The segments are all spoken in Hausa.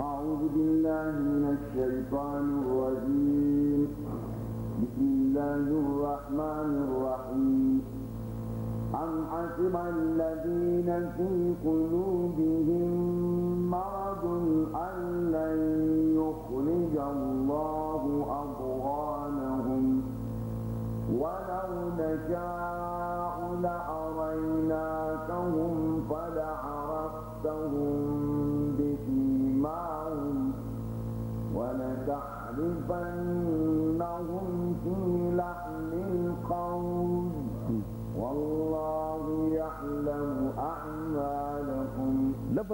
أعوذ بالله من الشيطان الرجيم بسم الله الرحمن الرحيم أم حسب الذين في قلوبهم مرض أن لن يخرج الله أضغانهم ولو نشاء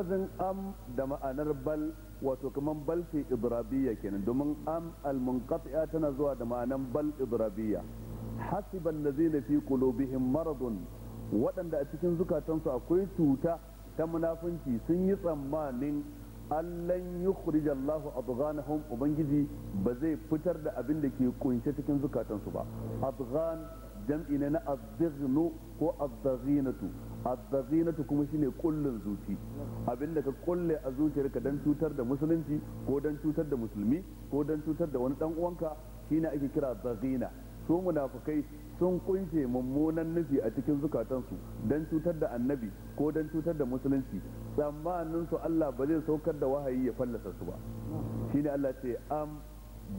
lafazin am da ma'anar bal wato kaman bal fi kenan domin am al-munqati'a tana zuwa da ma'anar bal idrabiyya hasiba allazina fi qulubihim maradun waɗanda a cikin zukatansu akwai cuta ta munafunci sun yi tsammanin allan yukhrij Allahu adghanahum ubangiji ba zai fitar da abin da ke kunshe cikin zukatansu ba adghan jam'i na adghnu ko adghinatu azzazinatu kuma shine kullun zuci abinda ka kulle a zuciyarka dan cutar da musulunci ko dan cutar da musulmi ko dan cutar da wani dan uwanka shine ake kira zazina su munafukai sun kunshe mummunan nufi a cikin zukatansu dan cutar da annabi ko dan cutar da musulunci tsammanin su Allah ba zai saukar da wahayi ya fallasa su ba shine Allah ce am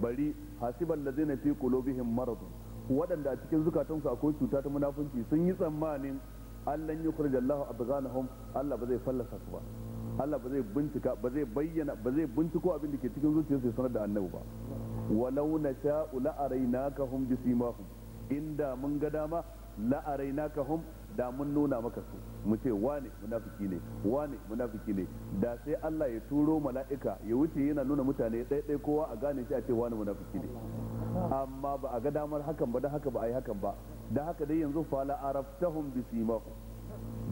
bari hasiban lazina fi qulubihim maradun waɗanda a cikin zukatansu akwai cuta ta munafunci sun yi tsammanin allan yukhrij Allah abghanahum Allah ba zai fallasa su ba Allah ba zai bincika ba zai bayyana ba zai binciko abin da ke cikin zuciyarsu ya sanar da annabi ba walau nasha'u la'arainakahum bisimahum inda mun ga dama la'arainakahum da mun nuna maka su mu ce wane munafiki ne wane munafiki ne da sai Allah ya turo mala'ika ya wuce yana nuna mutane ɗaiɗai kowa a gane shi a ce wane munafiki ne amma ba a ga damar hakan ba da haka ba a yi hakan ba da haka dai yanzu fala araftahum bi simahu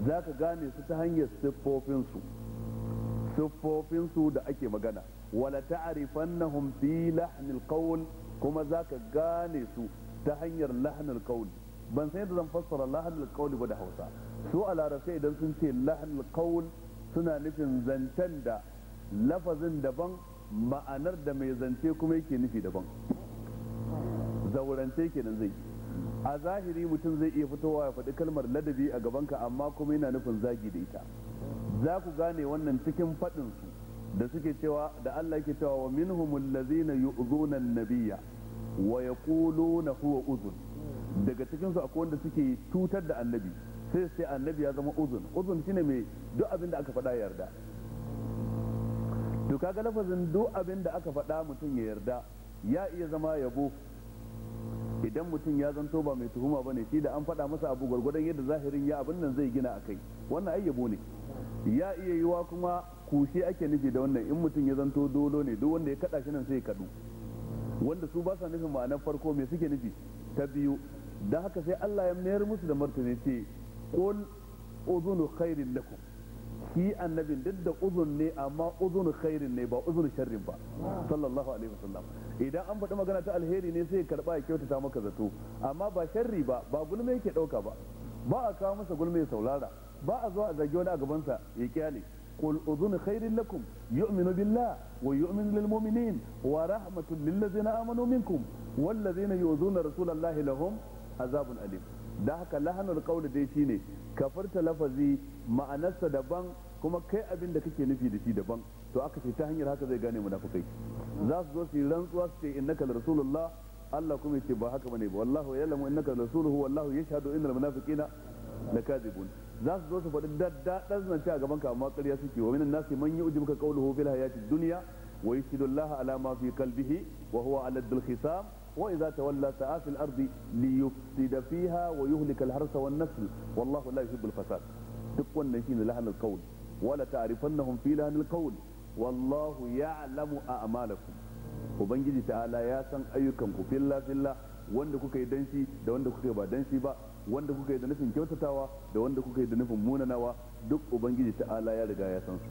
za ka gane su ta hanyar siffofinsu siffofinsu da ake magana wala ta'rifannahum fi lahnil qawl kuma za ka gane su ta hanyar lahnil qawl ban san yadda zan fassara lahnil qawl ba da Hausa su a larabci idan sun ce lahnil qawl suna nufin zancen da lafazin daban ma'anar da mai zance kuma yake nufi daban zaurance kenan zai a zahiri mutum zai iya fitowa ya faɗi kalmar ladabi a gabanka amma kuma yana nufin zagi da ita za ku gane wannan cikin faɗin su da suke cewa da Allah ke cewa wa minhumul ladzina yu'zuna an-nabiyya wa yaquluna huwa uzun daga cikin a akwai wanda suke cutar da annabi sai sai annabi ya zama uzun uzun shine mai duk abin da aka faɗa yarda to kaga lafazin duk abin da aka faɗa mutum ya yarda ya iya zama yabo idan mutum ya zanto ba mai tuhuma ba ne shi da an faɗa masa abu gwargwadon yadda zahirin ya abin nan zai gina a kai wannan ayyabo ne ya iya yiwa kuma kushe ake nufi da wannan in mutum ya zanto dolo ne duk wanda ya kaɗa shi nan sai ya kaɗu wanda su ba sa nufin ma'anar farko mai suke nufi ta biyu da haka sai Allah ya mayar musu da martani ce kul uzunu khairin lakum ki annabin duk da uzun ne amma uzun khairin ne ba uzun sharrin ba sallallahu alaihi wasallam idan an faɗi magana ta alheri ne sai karɓa ya kyautata maka zato amma ba sharri ba ba gulma yake ɗauka ba ba a kawo masa gulma ya saurara ba a zuwa a zagi wani a gabansa ya kyale قل أذن خير لكم يؤمن بالله ويؤمن للمؤمنين ورحمة للذين آمنوا منكم والذين يؤذون رسول الله لهم عذاب أليم da haka lahanar kauli dai shine kafarta lafazi ma'anarsa daban kuma kai abin da kake nufi da shi daban to aka ce ta hanyar haka zai gane munafikai za su zo su yi rantsuwa su ce innaka rasulullah Allah kuma ya ce ba haka bane ba wallahu lamu innaka rasuluhu wallahu yashhadu innal munafiqina lakazibun za su zo su faɗi daddadan zance a gaban ka amma ƙarya suke wa minan nasi man yi ujubka qawluhu fil hayati dunya wa yashhadu Allah ala ma fi qalbihi wa huwa ala dil khisam wa tawalla sa'a fil ardi li yufsida fiha wa yuhlika al harsa wan nasl wallahu la yuhibbu al fasad duk wannan shine lahanul qawl wala ta'rifannahum fi لحن qawl wallahu ya alamu a a'malakum ubangiji ta'ala ya san ayyukanku filla filla wanda kuka yi danshi da wanda kuka yi ba danshi ba wanda kuka yi da nufin kyautatawa da wanda kuka yi da nufin munanawa duk ubangiji ta'ala ya riga ya san su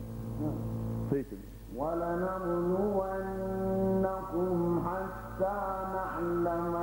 sai ki ولنبلونكم حتى نعلم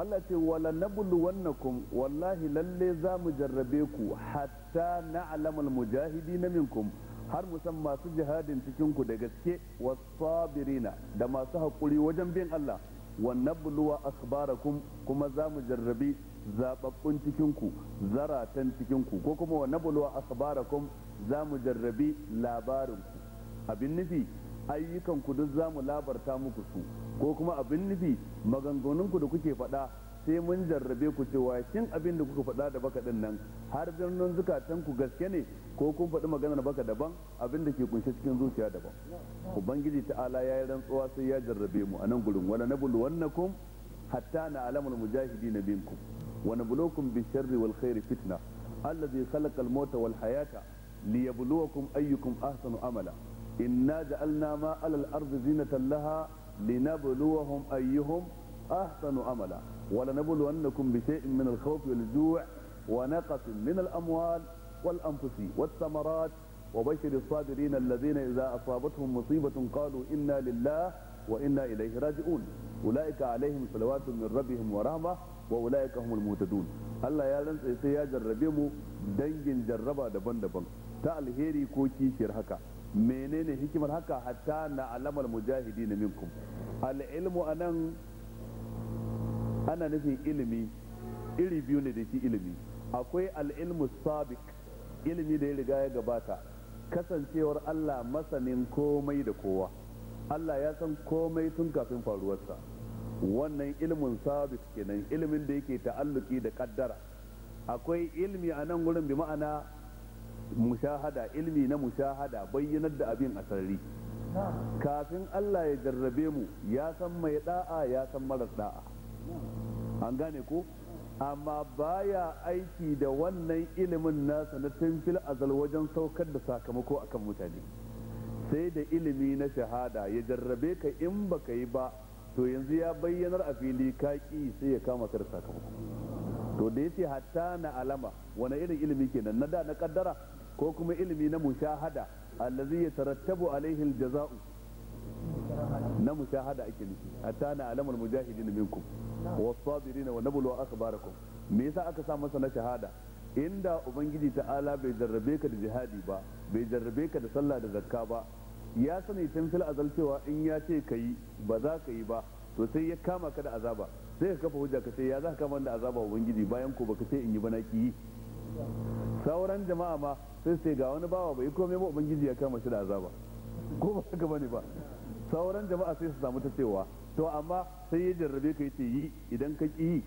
allah ce wala nabulu wannakum wallahi lalle za mu jarrabe ku hatta na'lamul المجاهدين minkum har musan masu jihadin cikinku da gaske wasabirina da masu hakuri wajen bin Allah wa nabulu wa akhbarakum kuma za mu jarrabi zababbun cikinku zaratan cikinku ko kuma wa nabulu wa akhbarakum za mu jarrabi ku abin nufi ayyukan ku duk za mu labarta muku su ko kuma abin nufi maganganun ku da kuke faɗa sai mun jarrabe ku cewa shin abin da kuka faɗa da baka nan har birnin zukatan ku gaske ne ko kun faɗi maganar baka daban abin da ke kunshe cikin zuciya daban ubangiji ta'ala ya yi rantsuwa sai ya jarrabe mu a nan gurin wala nabulu wannakum hatta na alamul mujahidin minkum wa bi bisharri wal khairi fitna allazi khalaqal al-mauta wal hayata liyabluwakum ayyukum ahsanu amala إنا جعلنا ما على الأرض زينة لها لنبلوهم أيهم أحسن أملا ولنبلونكم بشيء من الخوف والجوع ونقص من الأموال والأنفس والثمرات وبشر الصابرين الذين إذا أصابتهم مصيبة قالوا إنا لله وإنا إليه راجعون أولئك عليهم صلوات من ربهم ورحمة وأولئك هم المهتدون الله يا rantsa sai ya jarrabe جربا دبن دبن تعال هيري كوكي شرحكا menene hikimar haka hatta na alamar mujahidi na minkum al'ilmu a nan ana nufin ilimi iri biyu ne da shi ilimi akwai al'ilmu sabik ilimi da ya riga ya gabata kasancewar allah masanin komai da kowa allah ya san komai tun kafin faruwarsa wannan ilimin sabik kenan ilimin da yake ta'alluki da kaddara akwai ilimi a nan wurin bi ma'ana mushahada ilmi na mushahada bayyanar da abin a sarari kafin Allah ya jarrabe mu ya san mai da'a ya san marar da'a an gane ko amma baya aiki da wannan ilimin nasa na tunfil azal wajen saukar da sakamako akan mutane sai da ilimi na shahada ya jarrabe ka in baka yi ba to yanzu ya bayyanar a fili kaki sai ya kama ka sakamako to da yace hatta na alama wani irin ilimi kenan na da na kaddara ko kuma ilimi na mushahada allazi tarattabu alaihi aljaza'u na mushahada ake nufi hatta na alamul mujahidin minkum was-sabirin wa nablu akhbarakum me yasa aka sa masa na shahada inda ubangiji ta'ala bai jarrabe ka da jihadi ba bai jarrabe ka da sallah da zakka ba ya sani tun fil azal cewa in ya ce ka yi ba za ka yi ba to sai ya kama ka da azaba sai ka kafa hujja ka ce ya za ka kama da azaba ubangiji bayan ko baka ce in yi ba na ki yi sauran jama'a ma sai sai ga wani bawa bai komai ba ubangiji ya kama shi da azaba ko ba haka bane ba sauran jama'a sai su samu ta cewa to amma sai ya jarrabe ka yace yi idan ka ki yi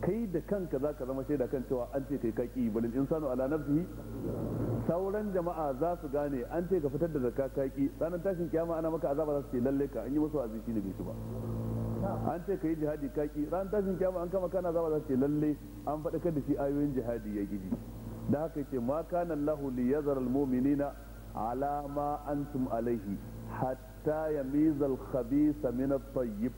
kai da kanka zaka zama shaida kan cewa an ce kai ka ki balin insanu ala nafsihi sauran jama'a za su gane an ce ka fitar da zakka ka ki ranar tashin kiyama ana maka azaba za su ce lalle ka an yi musu aziki ne bai shi ba an ce ka yi jihadi ka ki ranar tashin kiyama an kama kana azaba za su ce lalle an faɗa da shi ayoyin jihadi ya gidi da haka ce ma kana Allah li yazara ala ma antum alaihi hatta yamiza al khabitha min at tayyib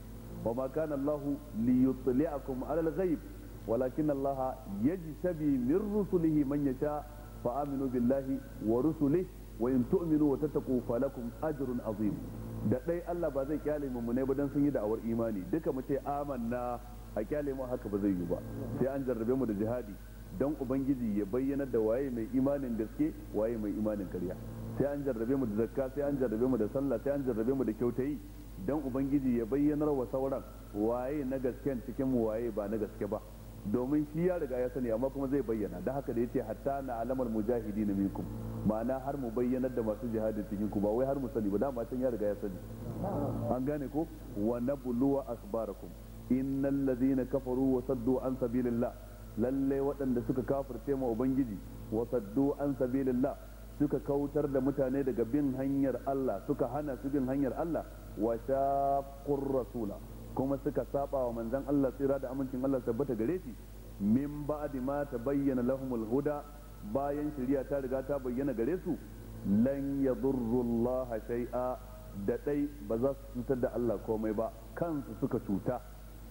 wa ma kana Allah li yutli'akum ala al ghaib walakin Allah yajtabi min rusulihi man yasha fa aminu billahi wa rusulihi wa in tu'minu wa tattaqu falakum ajrun azim da dai Allah ba zai kyale mu ne ba dan sun yi da'awar imani duka mu ce amanna a kyale mu haka ba zai yi ba sai an jarrabe mu da jihadi don ubangiji ya bayyana da waye mai imanin gaske waye mai imanin karya sai an jarrabe mu da zakka sai an jarrabe mu da sallah sai an jarrabe mu da kyautayi don ubangiji ya bayyanar wa sauran waye na gaske cikin waye ba na gaske ba domin shi ya riga ya sani amma kuma zai bayyana da haka da yace hatta na alamar mujahidi na minkum ma'ana har mu bayyanar da masu jihadin cikin ku ba wai har mu sani ba dama can ya riga ya sani an gane ko wa nabluwa akhbarakum innal ladina kafaru wa saddu an sabilillah lalle waɗanda suka kafirce ma ubangiji wa saddu an sabilillah suka kautar da mutane daga bin hanyar Allah suka hana su bin hanyar Allah wa shaqqur rasula kuma suka saba wa manzon Allah tsira da amincin Allah tabbata gare shi min ba'di ma tabayyana lahumul huda bayan shari'a ta riga ta bayyana gare su lan yadurrullaha shay'a da dai ba za su cutar da Allah komai ba kansu suka cuta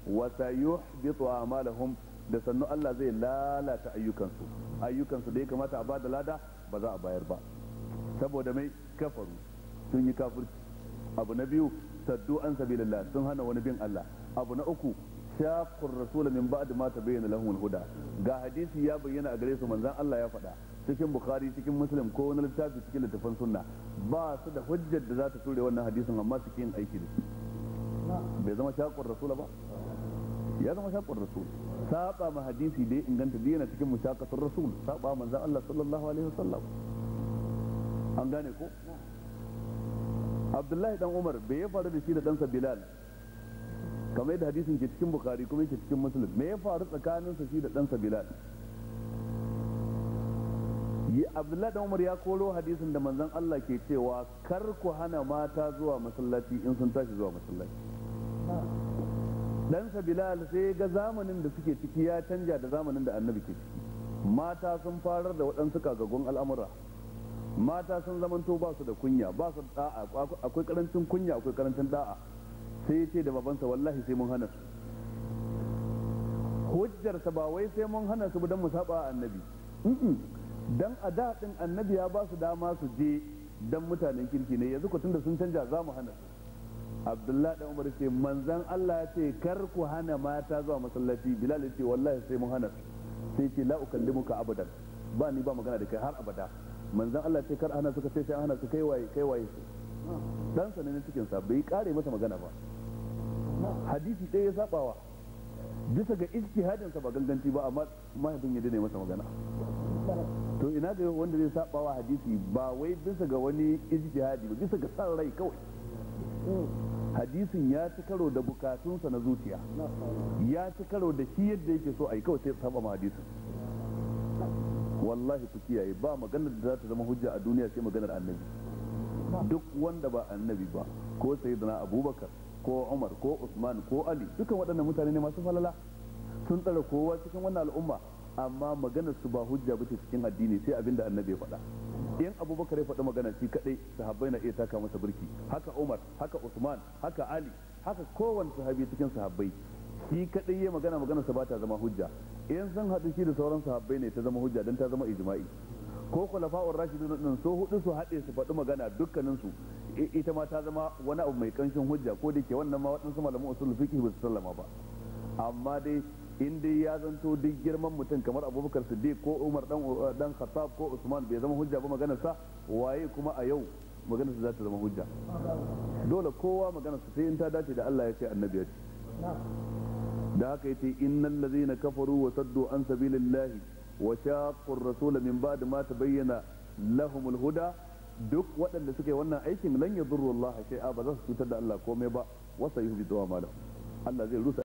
wa sayuhbitu a'malahum da sannu Allah zai lalata ayyukansu ayyukansu da ya kamata a ba da lada ba za a bayar ba saboda mai kafaru sun yi kafirci abu na biyu saddu an sabilillah sun hana wani bin Allah abu na uku shaqur rasul min ba'd ma tabayyana lahum al-huda ga hadisi ya bayyana a gare su manzon Allah ya faɗa cikin bukhari cikin muslim ko wani littafi cikin littafan sunna ba su da hujjar da za ta ture wannan hadisin amma su yin aiki da su bai zama shaqur rasul ba ya zama shaqur rasul saba ma hadisi dai inganta dai yana cikin mushaqatul rasul saba manzon Allah sallallahu alaihi wasallam an gane ko Abdullahi dan Umar bai ya faru da shi da ɗansa Bilal kamar yadda hadisin ke cikin Bukhari kuma yake cikin Muslim me ya faru sa shi da ɗansa Bilal Abdullahi dan Umar ya koro hadisin da manzon Allah ke cewa kar ku hana mata zuwa masallaci in sun tashi zuwa masallaci ɗansa bilal sai ga zamanin da suke ciki ya canja da zamanin da annabi ke ciki mata sun farar da waɗansu kagagun al'amura mata sun zamanto ba su da kunya ba su da'a akwai karancin kunya akwai karancin da'a sai ce da babansa wallahi sai mun hana su hujjarsa ba wai sai mun hana su don mu saba annabi dan a da annabi ya ba su dama su je dan mutanen kirki ne yanzu ku tunda sun canja za mu hana su abdullah da umar ce manzan Allah ya ce kar ku hana mata zuwa masallaci bilal ya ce wallahi sai mun hana sai ce la ukallimuka abadan ba ni ba magana da kai har abada manzan Allah ce kar hana suka ce sai hana su kai waye kai waye su dan sa ne cikin sa bai kare masa magana ba hadisi ɗaya ya sabawa bisa ga ijtihadin sa ba ganganci ba amma mahaifin ya dane masa magana to ina ga wanda zai sabawa hadisi ba wai bisa ga wani ijtihadi ba bisa ga san rai kawai hadisin ya ci karo da bukatunsa na zuciya ya ci karo da shi yadda yake so a yi kawai sai saba ma hadisin wallahi ku kiyaye ba maganar da za ta zama hujja a duniya sai maganar annabi duk wanda ba annabi ba ko sayyidina abubakar ko umar ko usman ko ali dukan waɗannan mutane ne masu falala sun tsara kowa cikin wannan al'umma amma maganar su ba hujja bace cikin addini sai abinda annabi ya faɗa in abubakar ya faɗi magana shi kaɗai sahabbai na iya taka masa birki haka umar haka usman haka ali haka kowane sahabi cikin sahabbai shi kaɗai ya magana magana sa bata zama hujja 'yan san haɗu shi da sauran sahabbai ne ta zama hujja don ta zama ijma'i ko khulafa'ur rashidun din so hudu su haɗe su faɗi magana dukkanin su ita ma ta zama wani abu mai ƙanshin hujja ko da ke wannan ma waɗansu malaman usul fiqh ba su sallama ba amma dai in dai ya zanto duk girman mutum kamar abubakar siddiq ko umar dan dan khattab ko usman bai zama hujja ba maganar sa waye kuma a yau maganar sa za ta zama hujja dole kowa maganar sa sai in ta dace da Allah ya ce annabi ya ce da haka yace innal ladzina kafaru wa saddu an sabilillahi wa shaqqu ar-rasul min ba'd ma tabayyana lahumul huda duk waɗanda suka wannan aikin lan yadurru Allah shay'a ba za su cutar da Allah komai ba wasa yuhdi wa Allah zai rusa